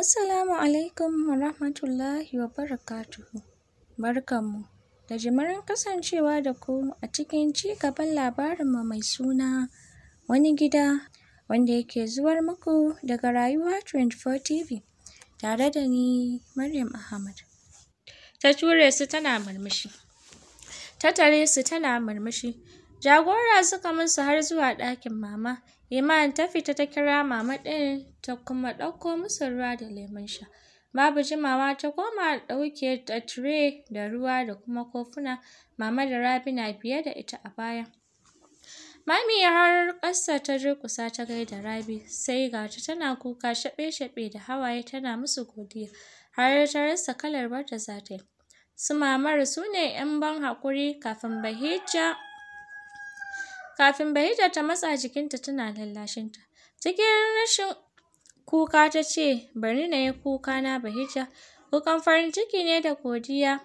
Assalamu alaikum wa rahmatullahi wa barakatuhu. Barkanmu da jimarin kasancewa da ku a cikin ci gaban labarinmu mai suna wani gida wanda yake zuwar muku daga Rayuwa 24 TV tare da ni Maryam Ahmad. Ta ture su tana murmushi. Ta tare su tana murmushi. Jagora suka musu har zuwa ɗakin mama Iman ta fita ta kira mama ɗin ta kuma ɗauko musu ruwa da lemon sha. Babu jimawa ta koma ɗauke da tire da ruwa da kuma kofuna, mama da Rabi na biye da ita a baya. Mami har ƙasa ta je kusa ta gaida Rabi, sai ga ta tana kuka shaɓe-shaɓe da hawaye tana musu godiya, har ta rasa kalar bata za ta yi. Su mamar su ne ‘yan ban haƙuri kafin Bahijja Kafin Bahija ta matsa jikinta tana lallashinta. Cikin rashin kuka ta ce, bari na yi kuka na Bahija. Kukan farin ciki ne da godiya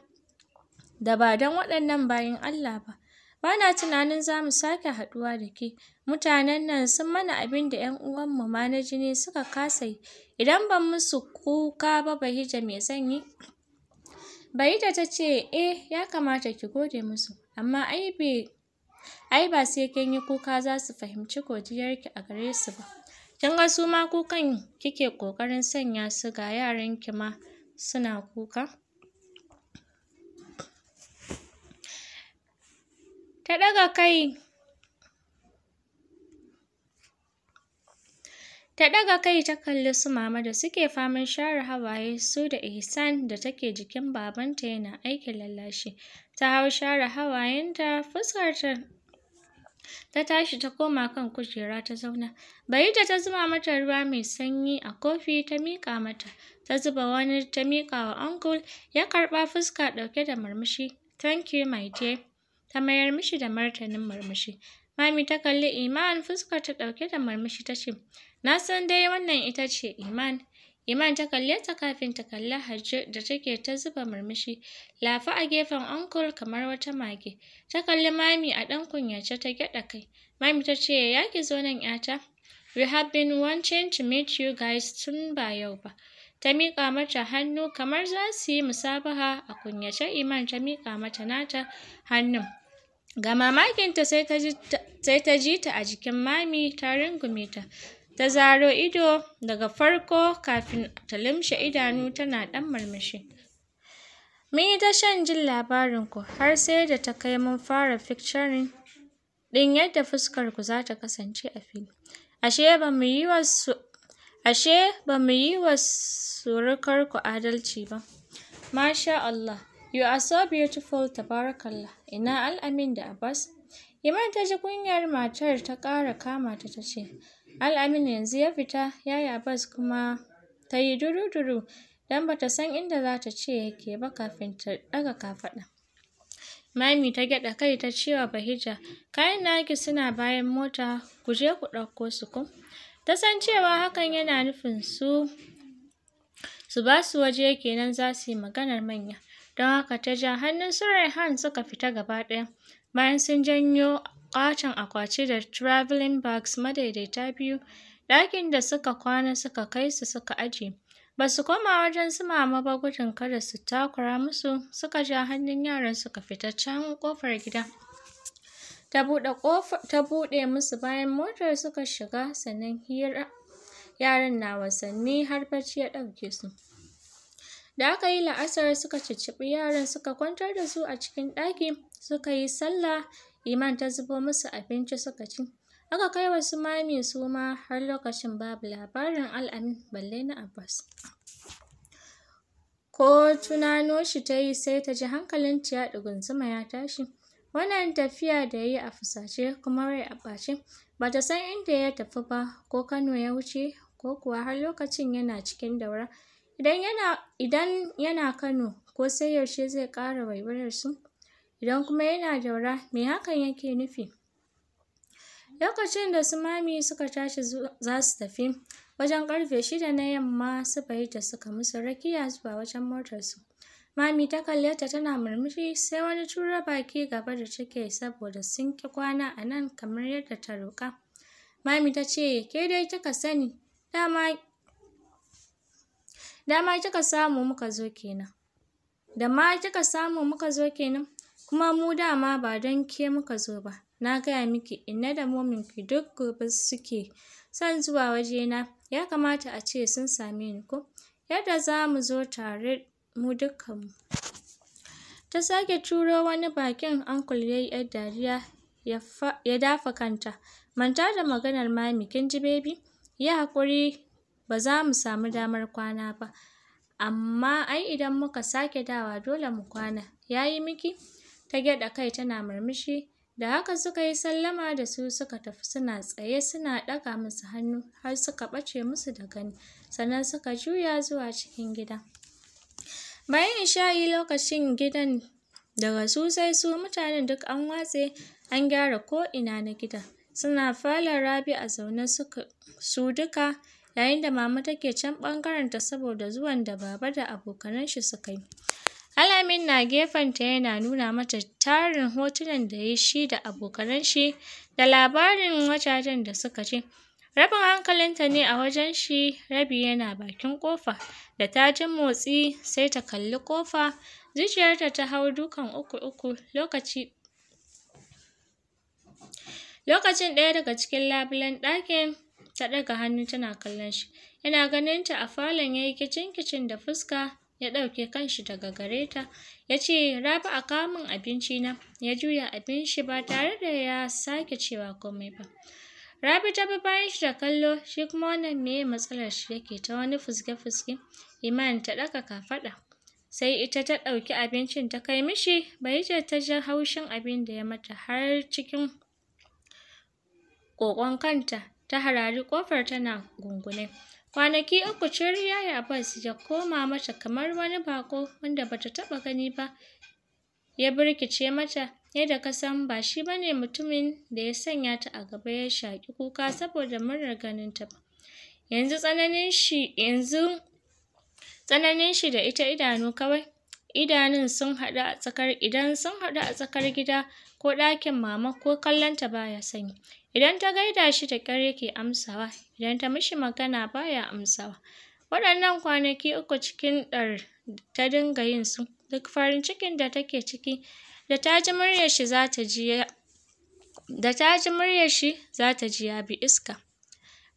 da ba don waɗannan bayan Allah ba. Ba na tunanin za mu sake haɗuwa da ke. Mutanen nan sun mana abin da ‘yan uwanmu ma na jini suka kasa yi. Idan ba musu kuka ba Bahija mai zan yi? Bahija ta ce, eh ya kamata ki gode musu, amma ai bai ai ba sai kin yi kuka za su fahimci godiyarki a gare su ba kin ga su ma kukan kike ƙoƙarin sanya su ga yaranki ma suna kuka ta ɗaga kai Ta ɗaga kai ta kalli su mama da suke faman share hawaye su da Ihsan da take jikin babanta yana aikin lallashi. Ta hau share hawayenta fuskarta ta tashi ta koma kan kujera ta zauna barita ta zuba mata ruwa mai sanyi a kofi ta mika mata ta zuba wani ta miƙa wa uncle ya karɓa fuska ɗauke da murmushi thank you my dear ta mayar mishi da martanin murmushi mami ta kalli iman fuska ta ɗauke da murmushi ta ce na san dai wannan ita ce iman Iman ta kalle ta kafin ta kalli Hajji da take ta zuba murmushi, lafa a gefen uncle kamar wata mage. Ta kalli mami a ɗan kunyace ta gyaɗa kai. Mami ta ce, ya ki zo nan ‘yata? We have been wanting to meet you guys tun ba yau ba. Ta miƙa mata hannu kamar za su yi musabaha a kunyace Iman ta miƙa mata nata hannun. Ga mamakinta sai ta ji ta a jikin mami ta rungume ta. ta zaro ido daga farko kafin ta limshe idanu tana ɗan murmushi. Mun yi ta shan jin labarinku har sai da ta kai mun fara fikcarin ɗin yadda fuskarku za ta kasance a fili. Ashe ba mu yi wa ashe ba mu yi wa surukarku adalci ba. Masha Allah, you are so beautiful tabarakallah. Ina al'amin da Abbas? Iman ta ji kunyar matar ta ƙara kama ta tace. al'aminu yanzu ya fita, Yaya Abbas kuma ta yi duru-duru don ba ta san inda za ta ce yake ba kafin ta ɗaga kafaɗa. Mami ta gyaɗa kai ta cewa Bahija, kayan naki suna bayan mota, ku je ku ɗauko su ku. Ta san cewa hakan yana nufin su su ba su waje kenan za su yi maganar manya. Don haka ta ja hannun su Raihan suka fita gaba ɗaya. Bayan sun janyo ƙaton akwati da traveling bags madaidaita biyu ɗakin da suka kwana suka kai su suka aje ba su koma wajen su mama ba gudun kada su takura musu suka ja hannun yaran suka fita can kofar gida ta buɗe ta buɗe musu bayan motar suka shiga sannan hira yaran na wasanni har bacci ya ɗauke su da aka yi la'asar suka cicciɓi yaran suka kwantar da su a cikin ɗaki suka yi sallah Iman ta zubo musu abinci suka ci. Aka kai wa su mami su ma har lokacin babu labarin al'amin balle na Abbas. Ko tunano shi ta yi sai ta ji hankalinta ya ɗugunzuma ya tashi. Wannan tafiya da ya yi a fusace kuma rai a ɓace, ba ta san inda ya tafi ba ko Kano ya wuce ko kuwa har lokacin yana cikin daura. Idan yana, idan yana Kano ko sai yaushe zai ƙara waiwayar su. idan kuma yana daura me hakan yake nufi lokacin da su mami suka tashi za su tafi wajen karfe shida na yamma su fahimta suka musu rakiya zuwa wajen motarsu mami ta kalle ta tana murmushi sai wani tura baki gaba da take saboda sun ki kwana a nan kamar yadda ta roƙa mami ta ce ke dai kika sani dama dama kika samu muka zo kenan da ma kika samu muka zo kenan kuma mu dama ba don ke muka zo ba na gaya miki inna da ki, duk gobe suke son zuwa wajena ya kamata a ce sun same ni ko yadda za mu zo tare mu dukkanmu ta sake turo wani bakin ankul ya yar dariya ya dafa kanta manta da maganar mami kin ji bebi yi haƙuri ba za mu samu damar kwana ba amma ai idan muka sake dawa dole mu kwana ya yi miki ta gyaɗa kai tana murmushi da haka suka yi sallama da su suka tafi suna tsaye suna ɗaga musu hannu har suka ɓace musu da gani sannan suka juya zuwa cikin gida bayan isha'i lokacin gidan daga su sai su mutanen duk an watse an gyara ko'ina na gida suna falon rabi a zaune su duka yayin da mama take can ta saboda zuwan da baba da abokanan shi suka yi Alamin na gefen ta yana nuna mata tarin hotunan da ya shi da abokanan shi da labarin wajajen da suka je. Rabin hankalinta ne a wajen shi, rabi yana bakin kofa Da ta ji motsi sai ta kalli kofa zuciyarta ta hau dukan uku-uku lokaci Lokacin ɗaya daga cikin labulen ɗakin ta ɗaga hannu tana kallon shi. Yana ganin ta a falon yayi kicin-kicin da fuska ya ɗauke kanshi daga gare ta ya ce rabi a kamun abinci na ya juya abin shi ba tare da ya sake cewa komai ba rabi ta bi bayan shi da kallo shi kuma wannan meye matsalar shi yake ta wani fuske-fuske iman ta ɗaga kafaɗa sai ita ta ɗauki abincin ta kai mishi je ta ji haushin abin da ya mata har cikin ƙoƙon kanta ta harari ƙofar tana gungune Kwanaki uku cir ya Abbas ya koma mata kamar wani bako wanda bata taɓa gani ba, ya birkice mata yadda ka san ba shi bane mutumin da ya sanya ta a gaba ya shaƙi kuka saboda murnar ganin ta ba. Yanzu tsananin shi da ita idanu kawai idanun sun haɗu a tsakar gida ko ɗakin mama ko kallon ta baya sanyi Idan ta gaida shi da ƙyar yake amsawa, idan ta mishi magana baya amsawa. Waɗannan kwanaki uku cikin ɗar ta dinga yin su, duk farin cikin da take ciki, da ta ji muryar shi za ta ji da ta ji muryar shi za ta ji ya bi iska.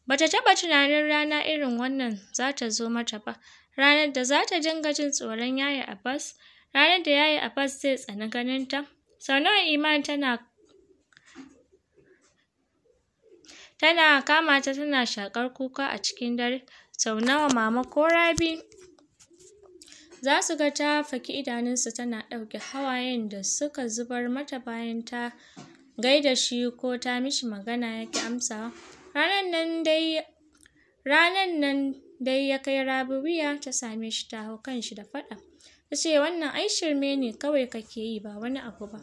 Bata taɓa tunanin rana irin wannan za ta zo mata ba, ranar da za ta dinga jin tsoron Yaya Abbas, ranar da Yaya Abbas zai tsani ta. Sau nawa Iman tana tana kama ta tana shaƙar kuka a cikin dare sau nawa mama ko rabi za su ga ta faki idanunsu tana ɗauke hawayen da suka zubar mata bayan ta gaida shi ko ta mishi magana yake amsawa ranan nan dai ranan nan dai ya kai Rabi wuya ta same shi ta hau shi da faɗa ta ce wannan ai shirme ne kawai kake yi ba wani abu ba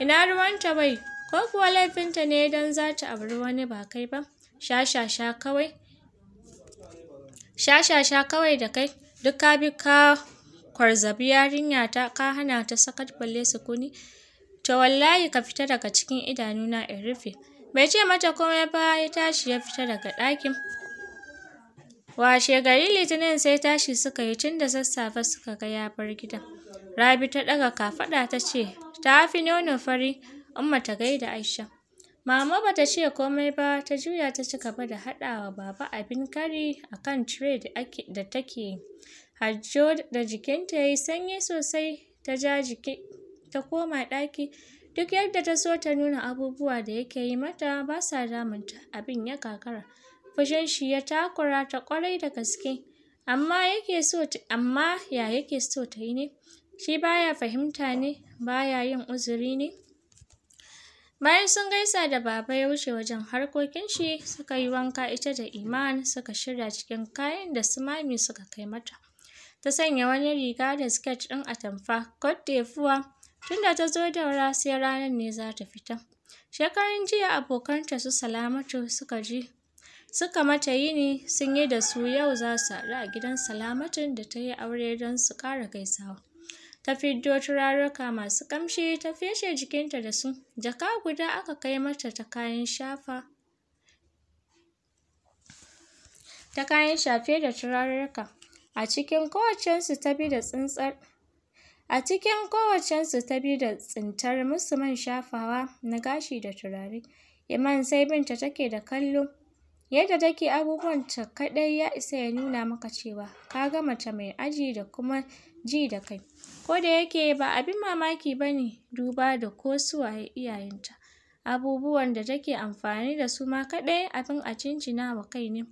ina ruwanta bai ko kuwa laifinta ne don za ta auri wani ba kai ba shashasha kawai da kai duk ka bi ka kwarzabi yarinya ta ka hana ta sakat balle kuni to wallahi ka fita daga cikin idanuna in rufe bai ce mata komai ba ya tashi ya fita daga ɗakin washe gari litinin sai tashi suka yi tun da sassafe suka ga ya bar gidan rabi ta ɗaga kafaɗa ta ce ta fi nono fari Umma ta gaida Aisha. Mama bata ce komai ba, ta juya ta ci gaba da haɗawa baba abin kari a kan tire da take. Hajjo da jikinta ya yi sanyi sosai, ta ja jiki, ta koma ɗaki. Duk yadda ta so ta nuna abubuwa da yake yi mata ba sa damunta, abin ya kakara. Fushin shi ya takura ta ƙwarai da gaske, amma yake so amma ya yake so ta yi ne? Shi baya fahimta ne, baya yin uzuri ne? Bayan sun gaisa da baba ya wuce wajen harkokin shi suka yi wanka ita da Iman suka shirya cikin kayan da su mami suka kai mata. Ta sanya wani riga da siket ɗin atamfa, kot da fuwa, tunda ta zo daura sai ranar ne za ta fita. Shekarun jiya abokanta su Salamatu suka ji suka mata yini sun yi da su yau za su haɗu a gidan Salamatun da ta yi aure don su ƙara gaisawa. ta fiddo turaruka masu ƙamshi ta feshe jikinta da su jaka guda aka kai mata ta kayan shafa ta kayan shafe da turaruka a cikin kowacensu ta bi da tsintsar a cikin kowacensu ta bi da tsintar musu man shafawa na gashi da turare iman sai binta take da kallo Yadda take abubuwanta kaɗai ya isa ya nuna maka cewa ka ga mace mai aji da kuma ji da kai. Ko da yake ba abin mamaki ba ne duba da ko su waye iyayenta. Abubuwan da take amfani da su ma kaɗai abin a cincina wa kai ne.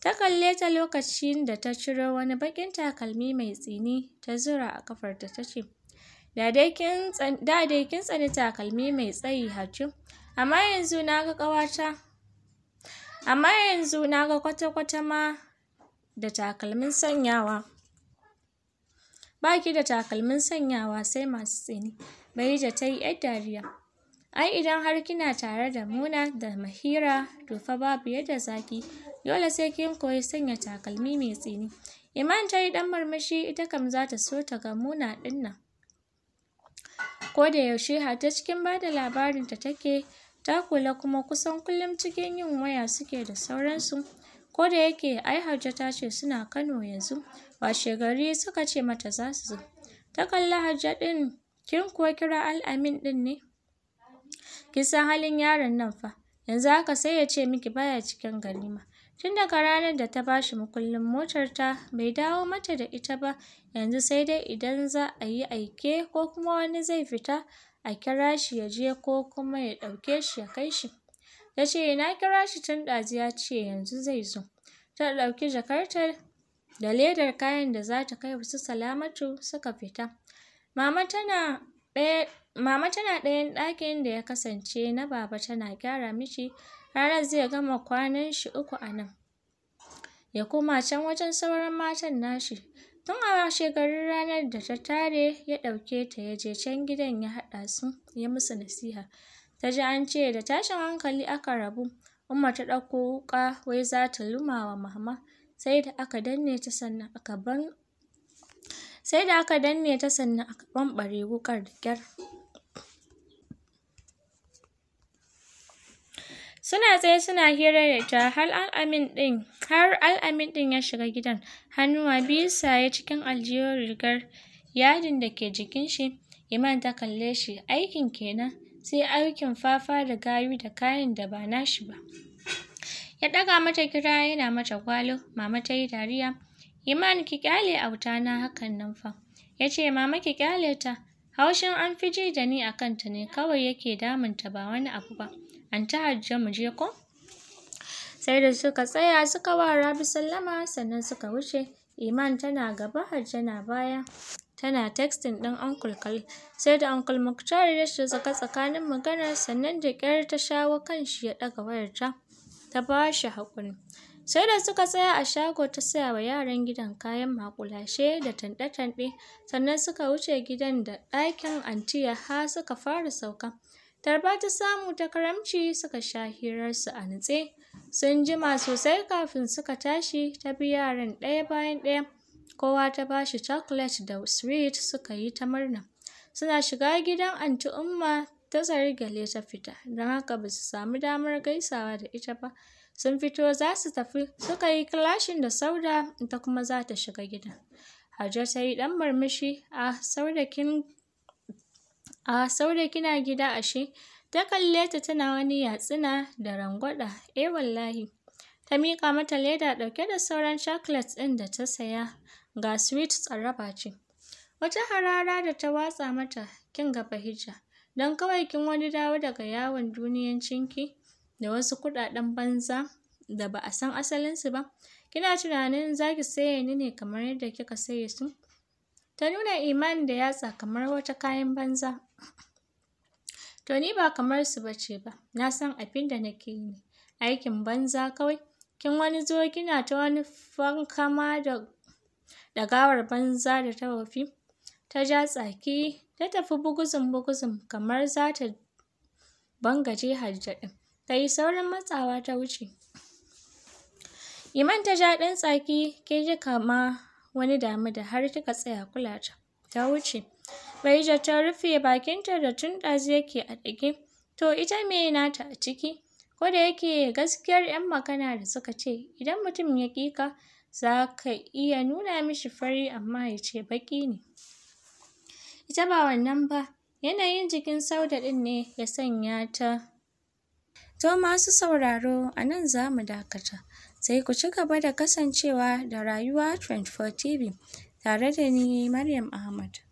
Ta kalle ta lokacin da ta ciro wani baƙin takalmi mai tsini ta zura a kafar ta ce, Da dai kin tsani takalmi mai tsayi haju. amma yanzu na ga ƙawata amma yanzu na ga kwata-kwata ma da takalmin sanyawa baki da takalmin sanyawa sai masu tsini bahija ta yi ‘yar dariya ai idan har kina tare da muna da mahira to fa babu yadda zaki dole sai kin koyi sanya takalmi mai tsini iman ta yi ɗan murmushi ita kam za ta so ta ga muna ɗin nan ko da yaushe har ta cikin ba da labarinta take ta kula kuma kusan kullum cikin yin waya suke da sauransu ko da yake ai hajja ta ce suna kano yanzu washe gari suka ce mata za su zo ta kalli hajja ɗin kin kuwa kira al'amin ɗin ne kin san halin yaron nan fa yanzu haka sai ya ce miki baya cikin galima. tun daga ranar da ta bashi mukullin motar ta bai dawo mata da ita ba yanzu sai dai idan za a yi aike ko kuma wani zai fita a kira shi ya je ko kuma ya ɗauke shi ya kai shi. Ta ce na kira shi tun ɗazu ya ce yanzu zai zo. Ta ɗauki jakarta da ledar kayan da za ta kai su salamatu suka fita. Mama tana ɗaya Mama tana ɗayan ɗakin da ya kasance na baba tana gyara mishi ranar zai gama kwanan shi uku a nan. Ya koma can wajen sauran matan nashi Tun a washegarin ranar da ta tare ya ɗauke ta ya je can gidan ya haɗa su ya musu nasiha. Ta ji an ce da tashin hankali aka rabu, Umma ta ɗauko wuƙa wai za ta luma wa mama, sai da aka danne ta sannan aka ban sai da aka wuƙar da ƙyar. Suna tsaye suna hira da ta har al'amin ɗin har al'amin ɗin ya shiga gidan. Hannuwa biyu saye cikin aljihun rigar yadin da ke jikin shi. Iman ta kalle shi aikin kenan sai aikin fafa da gayu da kayan da ba nashi ba. Ya ɗaga mata kira yana mata gwalo, mama ta yi dariya. Iman ki kyale na hakan nan fa. Ya ce mama ki kyale ta, haushin an fi ji da ni a kanta ne kawai yake damunta ba wani abu ba. an ta hajjiya mu je ko sai da suka tsaya suka wa rabi sallama sannan suka wuce iman tana gaba harjana na baya tana textin ɗin uncle kal sai da uncle muktar ya shiga tsakanin maganar sannan da ta shawo kan shi ya ɗaga wayarta ta ba shi haƙuri sai da suka tsaya a shago ta saya wa yaran gidan kayan makulashe da tanɗe-tanɗe sannan suka wuce gidan da ɗakin antiya ha suka fara sauka Tarba ta samu ta karamci suka sha hirarsu a nutse. Sun jima sosai kafin suka tashi ta bi yaran ɗaya bayan ɗaya. Kowa ta ba shi chocolate da sweet suka yi ta murna. Suna shiga gidan anti Umma ta tsari gale ta fita, don haka ba su samu damar gaisawa da ita ba. Sun fito za su tafi, suka yi kilashin da Sauda, ta kuma za ta shiga gidan. Hajar ta yi ɗan murmushi, a ah, Sauda kin A Saude kina gida ashe? Ta kalle ta tana wani yatsuna da rangwada, eh wallahi. Ta miƙa mata leda ɗauke da sauran chocolates ɗin da ta saya, ga sweet tsaraba ce. Wata harara da ta watsa mata, kin ga hijja, don kawai kin wani dawo daga yawon duniyancinki da wasu kuɗaɗen banza da ba a san asalinsu ba. Kina tunanin za ki saye ni ne kamar yadda kika saye su? Ta nuna imani da yatsa kamar wata kayan banza. To ni ba kamar su ba ce ba, na san abin da nake yi aikin banza kawai. Kin wani zo kina ta wani fankama da da gawar banza da ta wofi. Ta ja tsaki, ta tafi buguzun-buguzun kamar za ta bangaje Hajja ɗin. Ta yi saurin matsawa ta wuce. Iman ta ja ɗan tsaki, ke ji kama wani damu da har kika tsaya kula ta. Ta wuce. Baija ta rufe bakinta da tun yake a ɗage. To ita me nata a ciki? Ko da yake gaskiyar 'yan magana da suka ce idan mutum ya ƙi ka za ka iya nuna mishi fari amma ya ce baƙi ne. Ita ba wannan ba, yanayin jikin Sauda ɗin ne ya sanya ta. To masu sauraro a nan za mu dakata. Sai ku ci gaba da kasancewa da Rayuwa 24 TV tare da ni Maryam Ahmad.